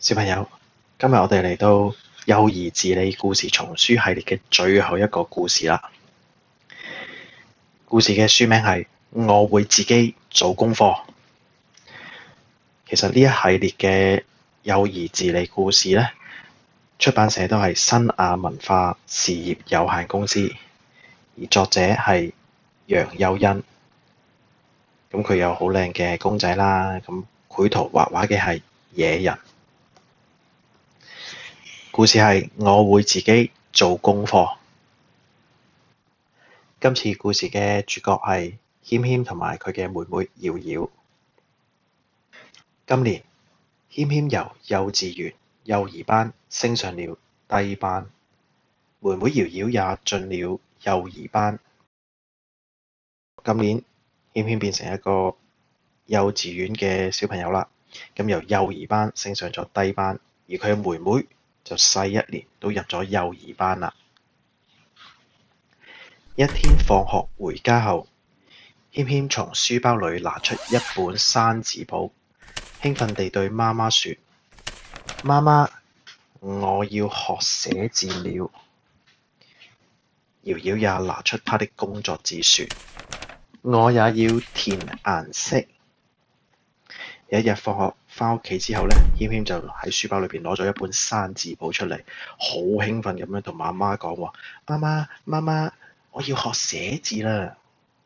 小朋友，今日我哋嚟到《幼兒自理故事叢書》系列嘅最後一個故事啦。故事嘅書名係《我會自己做功課》。其實呢一系列嘅幼兒自理故事呢，出版社都係新亞文化事業有限公司，而作者係楊友恩。咁佢有好靚嘅公仔啦，咁繪圖畫畫嘅係野人。故事係我會自己做功課。今次故事嘅主角係軒軒同埋佢嘅妹妹瑤瑤。今年軒軒由幼稚園幼兒班升上了低班，妹妹瑤瑤也進了幼兒班。今年軒軒變成一個幼稚園嘅小朋友啦，咁由幼兒班升上咗低班，而佢嘅妹妹，就細一年都入咗幼兒班啦。一天放學回家後，謙謙從書包裏拿出一本生字簿，興奮地對媽媽說：媽媽，我要學寫字了。瑤瑤也拿出她的工作紙，說：我也要填顏色。有一日放學返屋企之後呢，謙謙就喺書包裏邊攞咗一本生字簿出嚟，好興奮咁樣同媽媽講：媽媽，媽媽，我要學寫字啦！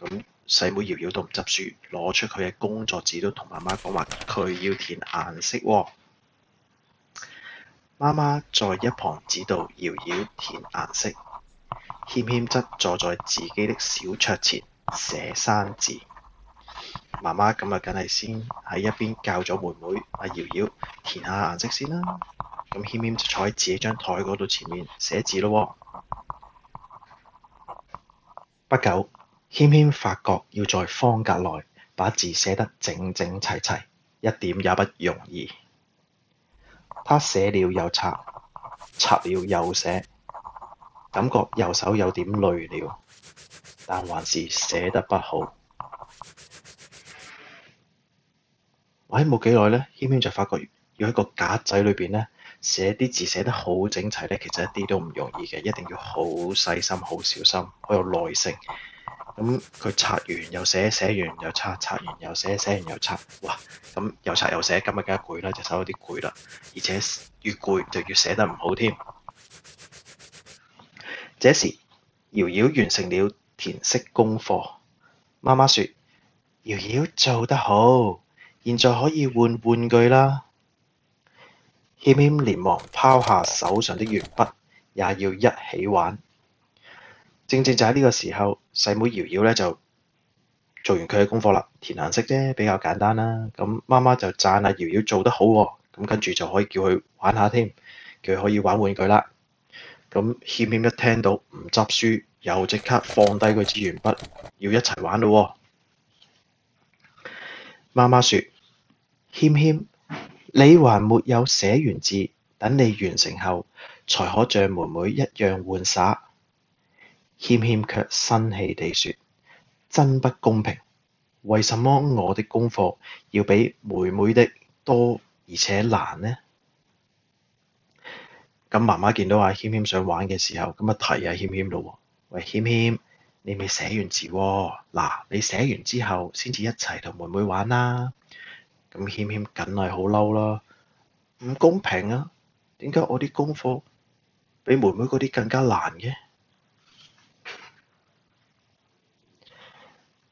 咁細妹瑤瑤都唔執書，攞出佢嘅工作紙都同媽媽講話，佢要填顏色。媽媽在一旁指導瑤瑤填顏色，謙謙則坐在自己的小桌前寫生字。媽媽咁啊，梗係先喺一邊教咗妹妹阿、啊、瑤瑤填下顏色先啦。咁軒軒就坐喺自己張台嗰度前面寫字咯。 不久，軒軒發覺要在方格內把字寫得整整齊齊，一點也不容易。他寫了又擦，擦了又寫，感覺右手有點累了，但還是寫得不好。我喺冇幾耐咧，偏偏就發覺要喺個格仔裏邊咧寫啲字寫得好整齊咧，其實一啲都唔容易嘅，一定要好細心、好小心、好有耐性。咁佢擦完又寫，寫完又擦，擦完又寫，寫完又擦。哇！咁、嗯、又擦又寫，咁咪梗係攰啦，隻手有啲攰啦。而且越攰就越寫得唔好添。這時，瑤瑤完成了填色功課。媽媽說：瑤瑤做得好。現在可以玩玩具啦！謙謙連忙拋下手上的鉛筆，也要一起玩。正正就喺呢個時候，細妹，妹瑤瑤呢就做完佢嘅功課啦，填顏色啫，比較簡單啦。咁媽媽就讚啊瑤瑤做得好喎、啊，咁跟住就可以叫佢玩下添，叫佢可以玩玩具啦。咁謙謙一聽到唔執輸，又即刻放低佢支鉛筆，要一齊玩咯、啊。媽媽說。謙謙，你還沒有寫完字，等你完成後，才可像妹妹一樣玩耍。謙謙卻生氣地說：真不公平，為什麼我的功課要比妹妹的多而且難呢？咁媽媽見到阿謙謙想玩嘅時候，咁啊提一下謙謙咯，喂謙謙，你未寫完字，嗱你寫完之後先至一齊同妹妹玩啦。咁謙謙梗係好嬲啦，唔公平啊！點解我啲功課比妹妹嗰啲更加難嘅？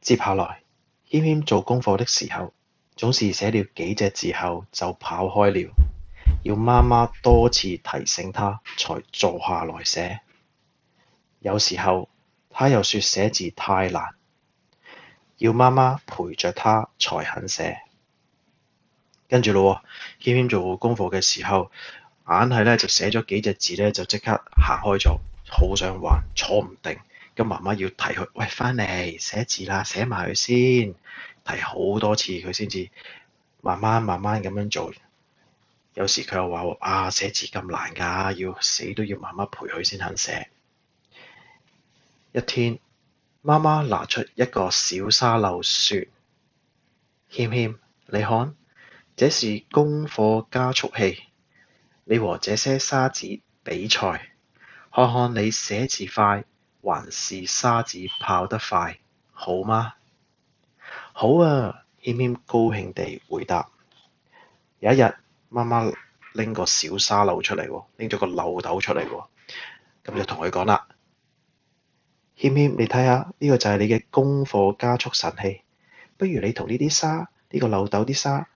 接下來謙謙做功課的時候，總是寫了幾隻字後就跑開了，要媽媽多次提醒他才坐下來寫。有時候他又說寫字太難，要媽媽陪着他才肯寫。跟住咯，謙謙做功課嘅時候，硬係咧就寫咗幾隻字咧，就即刻行開咗。好想玩，坐唔定。咁媽媽要提佢，喂，翻嚟寫字啦，寫埋佢先。提好多次，佢先至慢慢慢慢咁樣做。有時佢又話：啊，寫字咁難噶，要死都要媽媽陪佢先肯寫。一天，媽媽拿出一個小沙漏，說：謙謙，你看。這是功課加速器，你和這些沙子比賽，看看你寫字快還是沙子跑得快，好嗎？好啊，謙謙高興地回答。有一日，媽媽拎個小沙漏出嚟，拎咗個漏斗出嚟，咁就同佢講啦：謙謙，你睇下呢個就係你嘅功課加速神器，不如你同呢啲沙，呢個漏斗啲沙。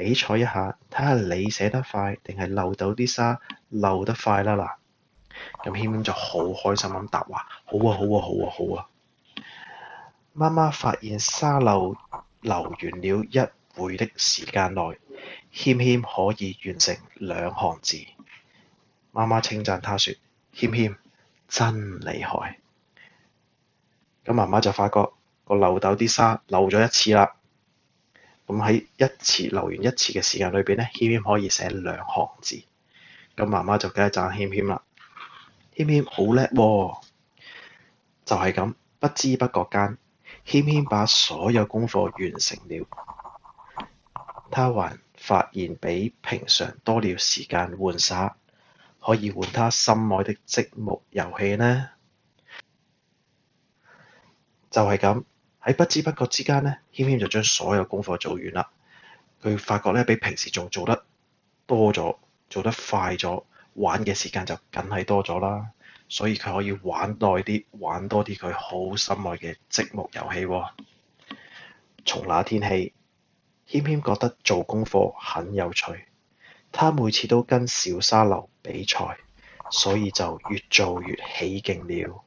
比賽一下，睇下你寫得快定係漏斗啲沙漏得快啦，嗱。咁謙謙就好開心咁答話：好啊，好啊，好啊，好啊！媽媽發現沙漏流，流完了一會的時間內，謙謙可以完成兩行字。媽媽稱讚他說：謙謙真厲害！咁媽媽就發覺個漏斗啲沙漏咗一次啦。咁喺一次留完一次嘅時間裏邊呢，謙謙可以寫兩行字，咁媽媽就梗係讚謙謙啦。謙謙好叻喎、哦，就係、是、咁，不知不覺間，謙謙把所有功課完成了，她還發現比平常多了時間玩耍，可以玩她心愛的積木遊戲呢，就係、是、咁。喺不知不覺之間呢，軒軒就將所有功課做完啦。佢發覺咧，比平時仲做得多咗，做得快咗，玩嘅時間就梗係多咗啦。所以佢可以玩耐啲，玩多啲佢好心愛嘅積木遊戲，哦。從那天起，軒軒覺得做功課很有趣，他每次都跟小沙流比賽，所以就越做越起勁了。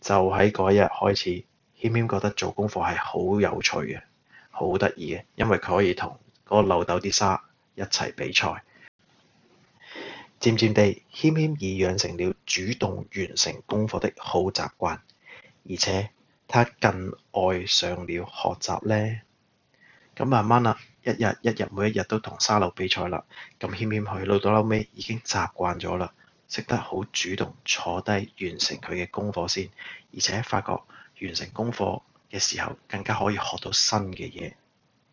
就喺嗰日開始。謙謙覺得做功課係好有趣嘅，好得意嘅，因為佢可以同嗰個漏斗啲沙一齊比賽。漸漸地，謙謙已養成了主動完成功課的好習慣，而且他更愛上了學習呢。咁慢慢啦、啊，一日一日，每一日都同沙漏比賽啦。咁謙謙去到後尾已經習慣咗啦，識得好主動坐低完成佢嘅功課先，而且發覺。完成功課嘅時候，更加可以學到新嘅嘢。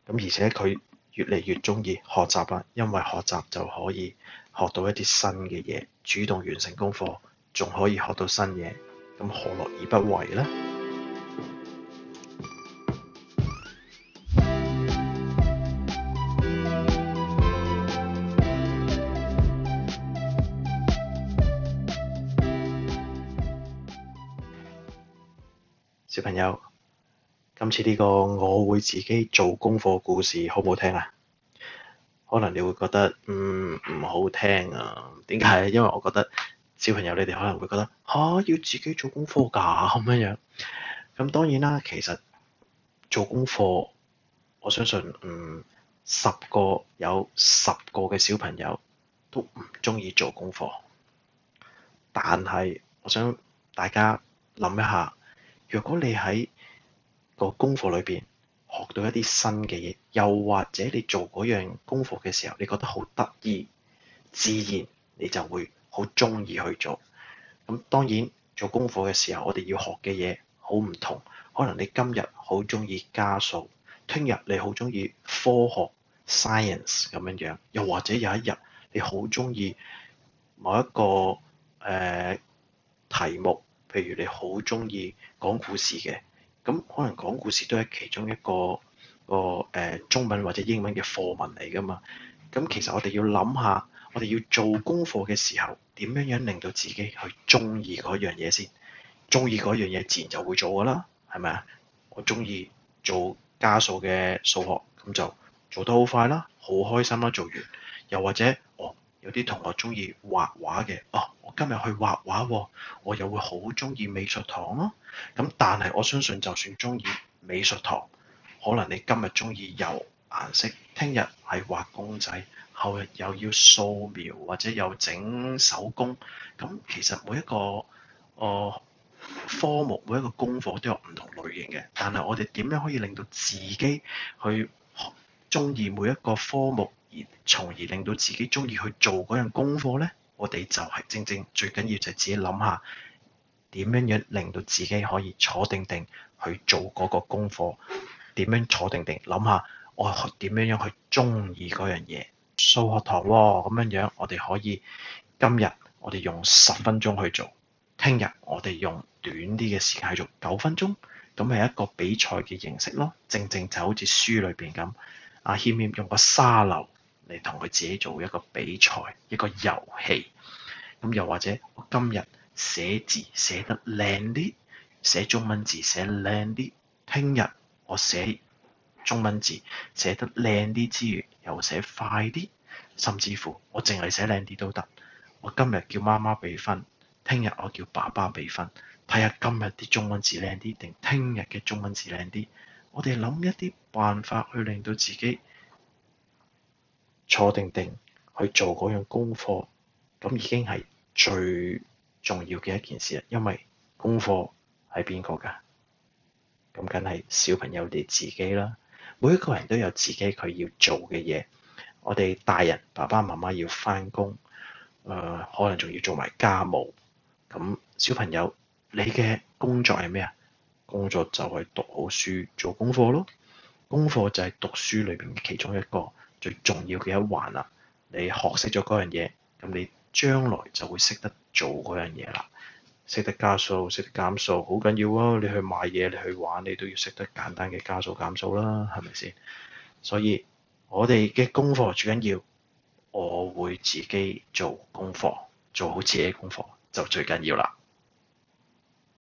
咁而且佢越嚟越鍾意學習啦，因為學習就可以學到一啲新嘅嘢。主動完成功課，仲可以學到新嘢，咁何樂而不為呢？朋友，今次呢個我會自己做功課故事好唔好聽啊？可能你會覺得唔唔、嗯、唔好聽啊？點解？因為我覺得小朋友你哋可能會覺得吓、啊，要自己做功課㗎咁樣樣。咁當然啦，其實做功課，我相信嗯十個有十個嘅小朋友都唔中意做功課。但係我想大家諗一下。如果你喺個功課裏邊學到一啲新嘅嘢，又或者你做嗰樣功課嘅時候，你覺得好得意，自然你就會好中意去做。咁當然做功課嘅時候，我哋要學嘅嘢好唔同。可能你今日好中意加數，聽日你好中意科學 science 咁樣樣，又或者有一日你好中意某一個誒、呃、題目。譬如你好中意講故事嘅，咁可能講故事都係其中一個一個誒、呃、中文或者英文嘅課文嚟㗎嘛。咁其實我哋要諗下，我哋要做功課嘅時候，點樣樣令到自己去中意嗰樣嘢先？中意嗰樣嘢自然就會做㗎啦，係咪啊？我中意做加數嘅數學，咁就做得好快啦，好開心啦，做完。又或者，有啲同學中意畫畫嘅，哦，我今日去畫畫，我又會好中意美術堂咯。咁但係我相信，就算中意美術堂，可能你今日中意油顏色，聽日係畫公仔，後日又要素描或者又整手工。咁其實每一個哦、呃、科目，每一個功課都有唔同類型嘅，但係我哋點樣可以令到自己去中意每一個科目？而從而令到自己中意去做嗰樣功課呢，我哋就係正正最緊要就係自己諗下點樣樣令到自己可以坐定定去做嗰個功課，點樣坐定定諗下我點樣樣去中意嗰樣嘢。數學堂咁樣樣，我哋可以今日我哋用十分鐘去做，聽日我哋用短啲嘅時間去做九分鐘，咁係一個比賽嘅形式咯。正正就好似書裏邊咁啊，謙謙用個沙漏。嚟同佢自己做一個比賽，一個遊戲。咁又或者我今日寫字寫得靚啲，寫中文字寫靚啲。聽日我寫中文字寫得靚啲之餘，又寫快啲。甚至乎我淨係寫靚啲都得。我今日叫媽媽俾分，聽日我叫爸爸俾分，睇下今日啲中文字靚啲定聽日嘅中文字靚啲。我哋諗一啲辦法去令到自己。坐定定去做嗰樣功課，咁已經係最重要嘅一件事啦。因為功課係邊個噶？咁梗係小朋友哋自己啦。每一個人都有自己佢要做嘅嘢。我哋大人爸爸媽媽要翻工，誒、呃、可能仲要做埋家務。咁小朋友你嘅工作係咩啊？工作就係讀好書做功課咯。功課就係讀書裏邊其中一個。最重要嘅一環啦，你學識咗嗰樣嘢，咁你將來就會識得做嗰樣嘢啦。識得加數、識得減數，好緊要啊！你去買嘢、你去玩，你都要識得簡單嘅加數減數啦，係咪先？所以我哋嘅功課最緊要，我會自己做功課，做好自己功課就最緊要啦。